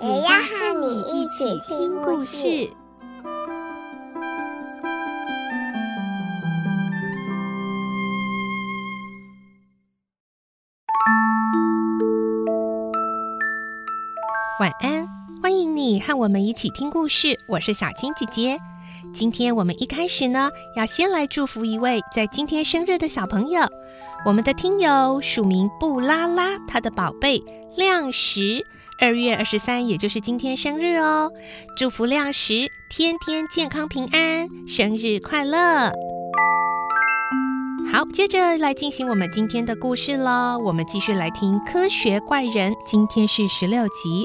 也要和你一起聽故事。晚安，歡迎你和我們一起聽故事。我是小青姐姐。今天我們一開始呢，要先來祝福一位在今天生日的小朋友，我們的聽友署名布拉拉，她的寶貝亮石。二月二十三，也就是今天生日哦，祝福亮石天天健康平安，生日快樂！好，接着來進行我們今天的故事嘍。我們繼續來聽《科學怪人》，今天是十六集。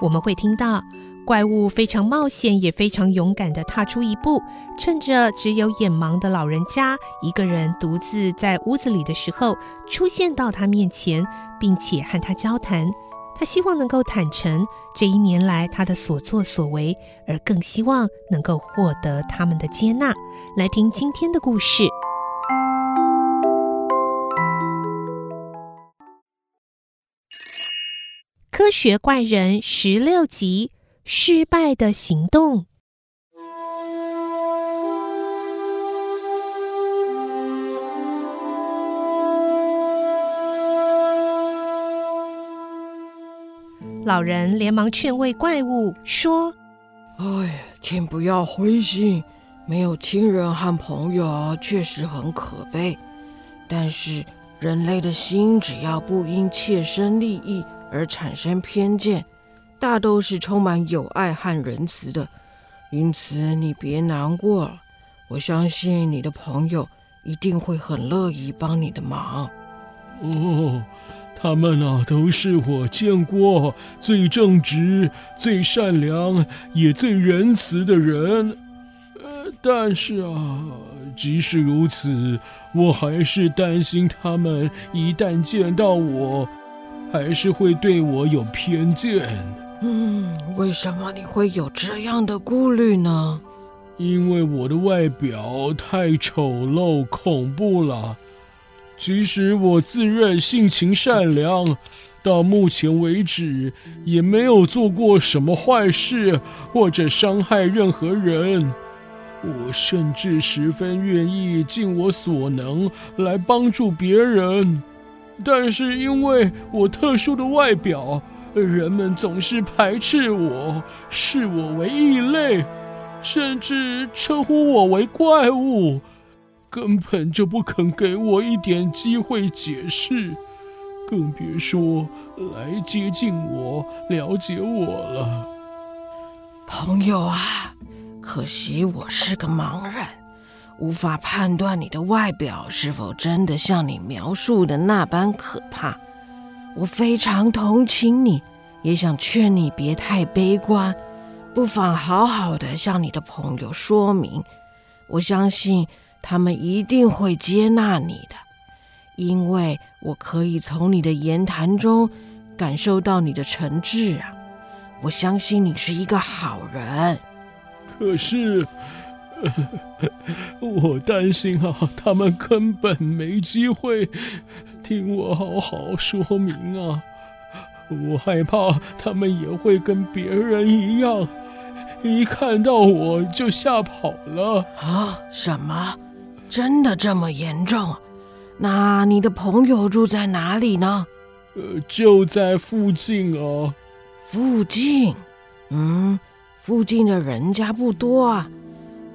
我們會聽到怪物非常冒險，也非常勇敢地踏出一步，趁着只有眼盲的老人家一個人獨自在屋子裡的時候，出現到他面前，並且和他交談。他希望能夠坦誠這一年來他的所作所為，而更希望能夠獲得他們的接納。來聽今天的故事，《科學怪人》十六集《失敗的行動》。老人連忙勸慰怪物說：“哎，請不要灰心，沒有親人和朋友確實很可悲。但是人類的心，只要不因切身利益而產生偏見，大都是充滿友愛和仁慈的。因此，你別難過，我相信你的朋友一定會很樂意幫你的忙。”哦。他們啊，都是我見過最正直、最善良、也最仁慈的人。呃，但是啊，即使如此，我還是擔心他們一旦見到我，還是會對我有偏見。嗯，為什麼你會有這樣的顧慮呢？因為我的外表太醜陋、恐怖了。即使我自認性情善良，到目前為止也沒有做過什麼壞事或者傷害任何人。我甚至十分願意盡我所能來幫助別人，但是因為我特殊的外表，人們總是排斥我，視我為異類，甚至稱呼我為怪物。根本就不肯給我一點機會解釋，更別說來接近我、了解我了。朋友啊，可惜我是個盲人，無法判斷你的外表是否真的像你描述的那般可怕。我非常同情你，也想勸你別太悲觀，不妨好好的向你的朋友說明。我相信。他們一定會接納你的，因為我可以從你的言談中感受到你的誠摯啊！我相信你是一個好人。可是、呃，我擔心啊，他們根本沒機會聽我好好說明啊！我害怕他們也會跟別人一樣，一看到我就嚇跑了。啊！什麼？真的這麼嚴重？那你的朋友住在哪裡呢？呃，就在附近啊。附近？嗯，附近的人家不多啊。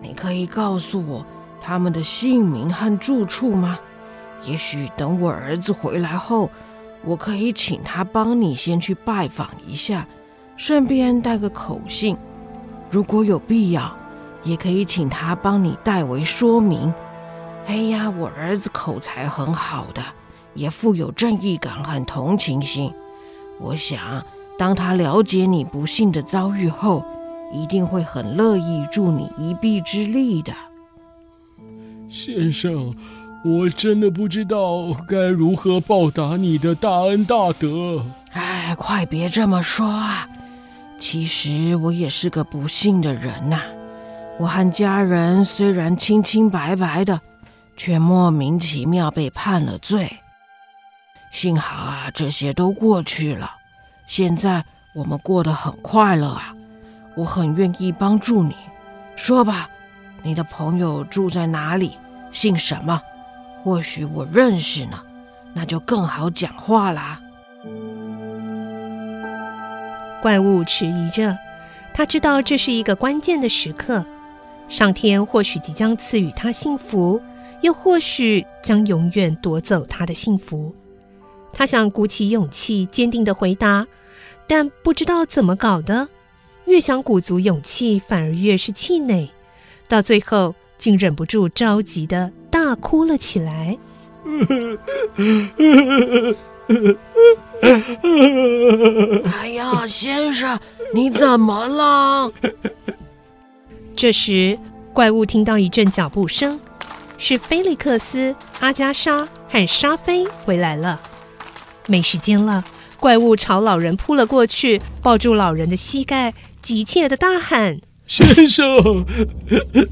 你可以告訴我他們的姓名和住處嗎？也許等我兒子回來後，我可以請他幫你先去拜訪一下，順便帶個口信。如果有必要，也可以請他幫你代為說明。哎呀，我兒子口才很好的，也富有正義感和同情心。我想，當他了解你不幸的遭遇後，一定會很樂意助你一臂之力的。先生，我真的不知道該如何報答你的大恩大德。哎，快別這麼說啊！其實我也是個不幸的人吶、啊。我和家人雖然清清白白的。卻莫名其妙被判了罪。幸好啊，這些都過去了。現在我們過得很快樂啊！我很願意幫助你。說吧，你的朋友住在哪裡？姓什麼？或許我認識呢，那就更好講話啦。怪物遲疑着，他知道這是一個關鍵的時刻。上天或許即將賜予他幸福。又或許將永遠奪走他的幸福。他想鼓起勇氣，堅定的回答，但不知道怎麼搞的，越想鼓足勇氣，反而越是氣餒，到最後竟忍不住着急的大哭了起來。哎呀，先生，你怎麼了？這時，怪物聽到一陣腳步聲。是菲利克斯、阿加莎和沙菲回來了，沒時間了！怪物朝老人撲了過去，抱住老人的膝蓋，急切地大喊：“先生，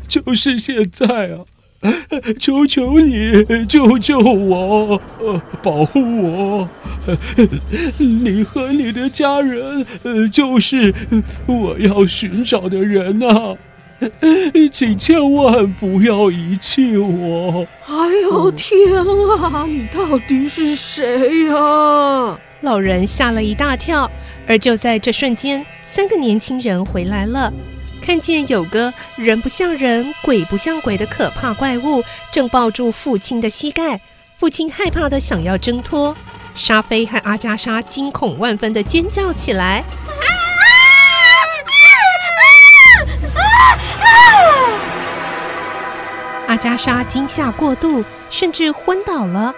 就是現在啊！求求你，救救我，保護我！你和你的家人，就是我要尋找的人吶、啊！”請千萬不要遺棄我！哎呦，天啊，嗯、你到底是誰呀、啊？老人嚇了一大跳。而就在這瞬間，三個年輕人回來了，看見有個人不像人，鬼不像鬼的可怕怪物正抱住父親的膝蓋，父親害怕的想要掙脫。沙菲和阿加莎驚恐萬分的尖叫起來。啊！阿加莎驚嚇過度，甚至昏倒了。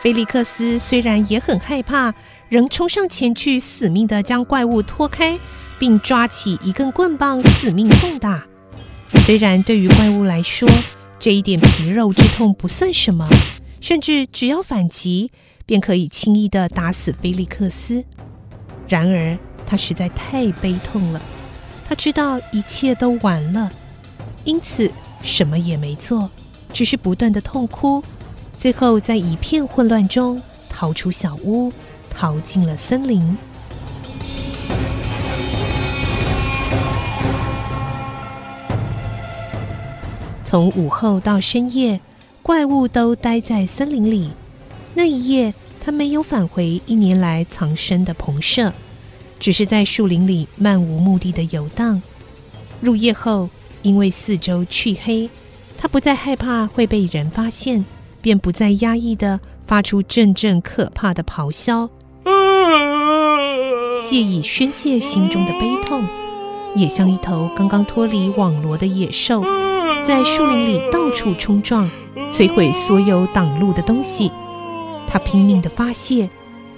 菲利克斯雖然也很害怕，仍衝上前去，死命的將怪物拖開，並抓起一根棍棒，死命痛打。雖然對於怪物來說，這一點皮肉之痛不算什麼，甚至只要反擊，便可以輕易的打死菲利克斯。然而，他實在太悲痛了，他知道一切都完了，因此，什麼也沒做，只是不斷的痛哭，最後在一片混亂中逃出小屋，逃進了森林。從午後到深夜，怪物都待在森林裡。那一夜，他沒有返回一年來藏身的棚舍，只是在樹林裡漫無目的的遊蕩。入夜後，因為四周黢黑，他不再害怕會被人發現，便不再壓抑地發出陣陣可怕的咆哮，借以宣洩心中的悲痛。也像一頭剛剛脫離網羅的野獸，在樹林裡到處衝撞，摧毀所有擋路的東西。他拼命地發洩，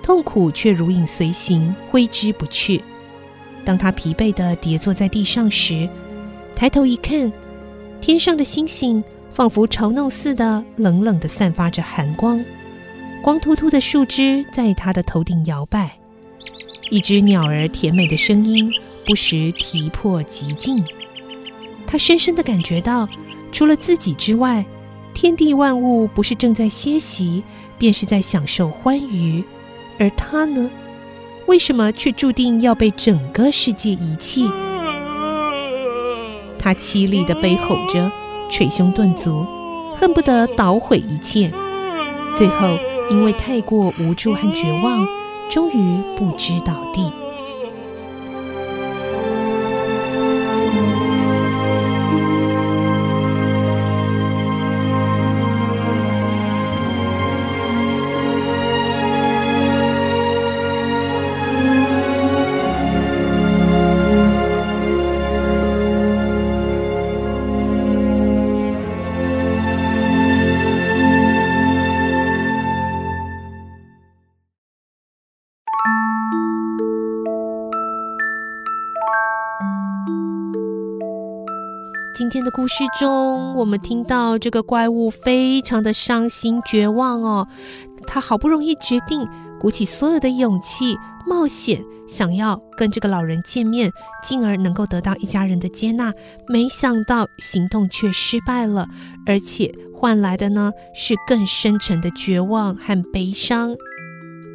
痛苦卻如影隨形，揮之不去。當他疲憊地跌坐在地上時，抬頭一看，天上的星星仿佛嘲弄似的，冷冷地散發着寒光。光禿禿的樹枝在他的頭頂搖擺，一只鳥兒甜美的聲音不時啼破極靜。他深深地感覺到，除了自己之外，天地萬物不是正在歇息，便是在享受歡愉。而他呢？為什麼卻注定要被整個世界遺棄？他淒厲地悲吼着，捶胸頓足，恨不得搗毀一切。最後，因為太過無助和絕望，終於不支倒地。今天的故事中，我們聽到這個怪物非常的傷心絕望哦，他好不容易決定鼓起所有的勇氣冒險，想要跟這個老人見面，進而能夠得到一家人的接納。沒想到行動卻失敗了，而且換來的呢，是更深沉的絕望和悲傷。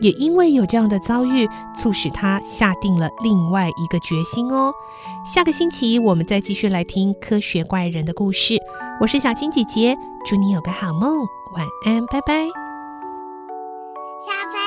也因為有這樣的遭遇，促使他下定了另外一個決心哦。下個星期我們再繼續來聽科學怪人的故事。我是小青姐姐，祝你有個好夢，晚安，拜拜。下